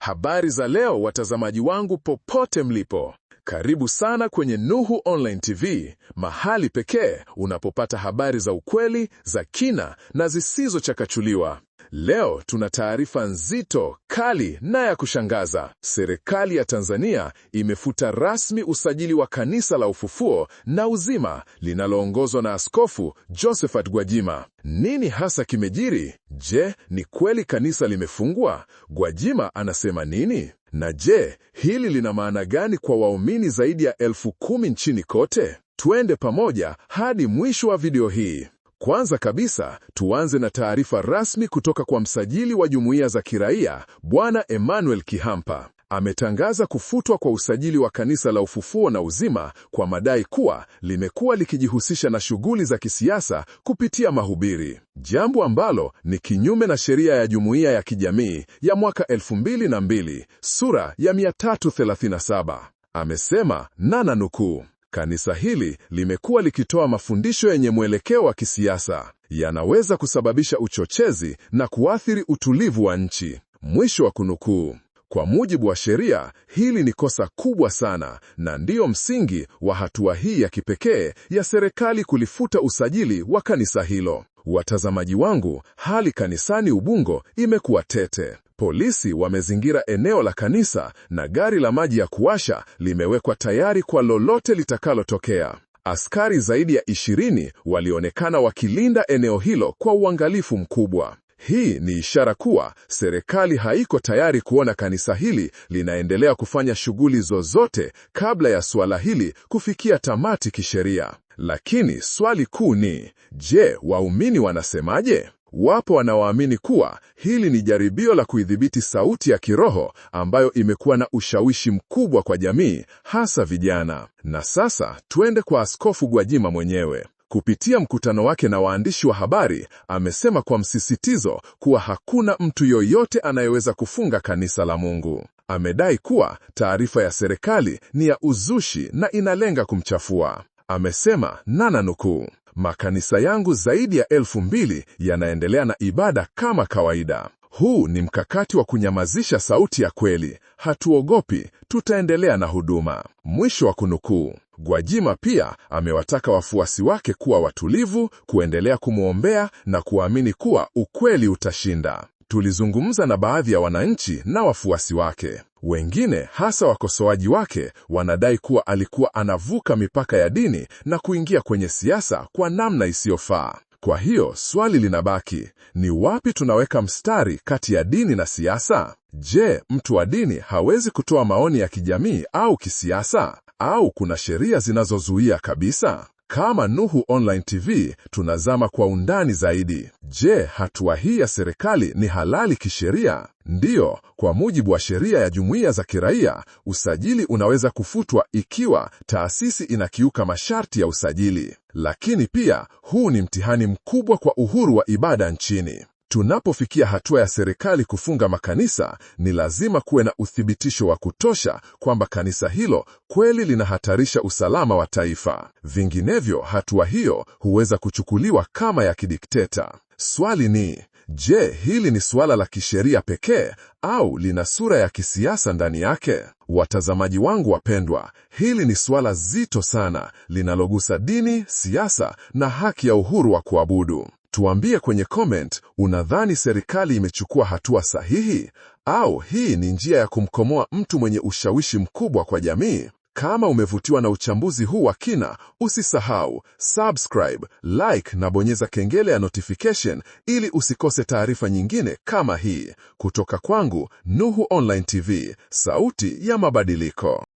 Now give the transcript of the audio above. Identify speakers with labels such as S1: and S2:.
S1: Habari za leo, watazamaji wangu popote mlipo, karibu sana kwenye Nuhu Online TV, mahali pekee unapopata habari za ukweli, za kina na zisizochakachuliwa. Leo tuna taarifa nzito, kali na ya kushangaza. Serikali ya Tanzania imefuta rasmi usajili wa Kanisa la Ufufuo na Uzima linaloongozwa na Askofu Josephat Gwajima. Nini hasa kimejiri? Je, ni kweli kanisa limefungwa? Gwajima anasema nini? Na je, hili lina maana gani kwa waumini zaidi ya elfu kumi nchini kote? Twende pamoja hadi mwisho wa video hii. Kwanza kabisa, tuanze na taarifa rasmi kutoka kwa msajili wa jumuiya za kiraia, Bwana Emmanuel Kihampa ametangaza kufutwa kwa usajili wa Kanisa la Ufufuo na Uzima kwa madai kuwa limekuwa likijihusisha na shughuli za kisiasa kupitia mahubiri, jambo ambalo ni kinyume na sheria ya jumuiya ya kijamii ya mwaka 2002 sura ya 337. Amesema nana nukuu, kanisa hili limekuwa likitoa mafundisho yenye mwelekeo wa kisiasa, yanaweza kusababisha uchochezi na kuathiri utulivu wa nchi, mwisho wa kunukuu. Kwa mujibu wa sheria, hili ni kosa kubwa sana na ndiyo msingi wa hatua hii ya kipekee ya serikali kulifuta usajili wa kanisa hilo. Watazamaji wangu, hali kanisani Ubungo imekuwa tete. Polisi wamezingira eneo la kanisa na gari la maji ya kuwasha limewekwa tayari kwa lolote litakalotokea. Askari zaidi ya ishirini walionekana wakilinda eneo hilo kwa uangalifu mkubwa. Hii ni ishara kuwa serikali haiko tayari kuona kanisa hili linaendelea kufanya shughuli zozote kabla ya suala hili kufikia tamati kisheria. Lakini swali kuu ni je, waumini wanasemaje? Wapo wanaoamini kuwa hili ni jaribio la kuidhibiti sauti ya kiroho ambayo imekuwa na ushawishi mkubwa kwa jamii, hasa vijana. Na sasa twende kwa Askofu Gwajima mwenyewe. Kupitia mkutano wake na waandishi wa habari, amesema kwa msisitizo kuwa hakuna mtu yoyote anayeweza kufunga kanisa la Mungu. Amedai kuwa taarifa ya serikali ni ya uzushi na inalenga kumchafua. Amesema nana nukuu, makanisa yangu zaidi ya elfu mbili yanaendelea na ibada kama kawaida. Huu ni mkakati wa kunyamazisha sauti ya kweli. Hatuogopi, tutaendelea na huduma. Mwisho wa kunukuu. Gwajima pia amewataka wafuasi wake kuwa watulivu, kuendelea kumwombea na kuamini kuwa ukweli utashinda. Tulizungumza na baadhi ya wananchi na wafuasi wake. Wengine, hasa wakosoaji wake, wanadai kuwa alikuwa anavuka mipaka ya dini na kuingia kwenye siasa kwa namna isiyofaa. Kwa hiyo, swali linabaki, ni wapi tunaweka mstari kati ya dini na siasa? Je, mtu wa dini hawezi kutoa maoni ya kijamii au kisiasa? Au kuna sheria zinazozuia kabisa? Kama Nuhu Online TV tunazama kwa undani zaidi. Je, hatua hii ya serikali ni halali kisheria? Ndiyo, kwa mujibu wa sheria ya jumuiya za kiraia, usajili unaweza kufutwa ikiwa taasisi inakiuka masharti ya usajili. Lakini pia huu ni mtihani mkubwa kwa uhuru wa ibada nchini. Tunapofikia hatua ya serikali kufunga makanisa, ni lazima kuwe na uthibitisho wa kutosha kwamba kanisa hilo kweli linahatarisha usalama wa taifa. Vinginevyo, hatua hiyo huweza kuchukuliwa kama ya kidikteta. Swali ni je, hili ni suala la kisheria pekee au lina sura ya kisiasa ndani yake? Watazamaji wangu wapendwa, hili ni suala zito sana linalogusa dini, siasa na haki ya uhuru wa kuabudu. Tuambie kwenye comment, unadhani serikali imechukua hatua sahihi au hii ni njia ya kumkomoa mtu mwenye ushawishi mkubwa kwa jamii? Kama umevutiwa na uchambuzi huu wa kina, usisahau subscribe, like na bonyeza kengele ya notification ili usikose taarifa nyingine kama hii. Kutoka kwangu Nuhu Online TV, sauti ya mabadiliko.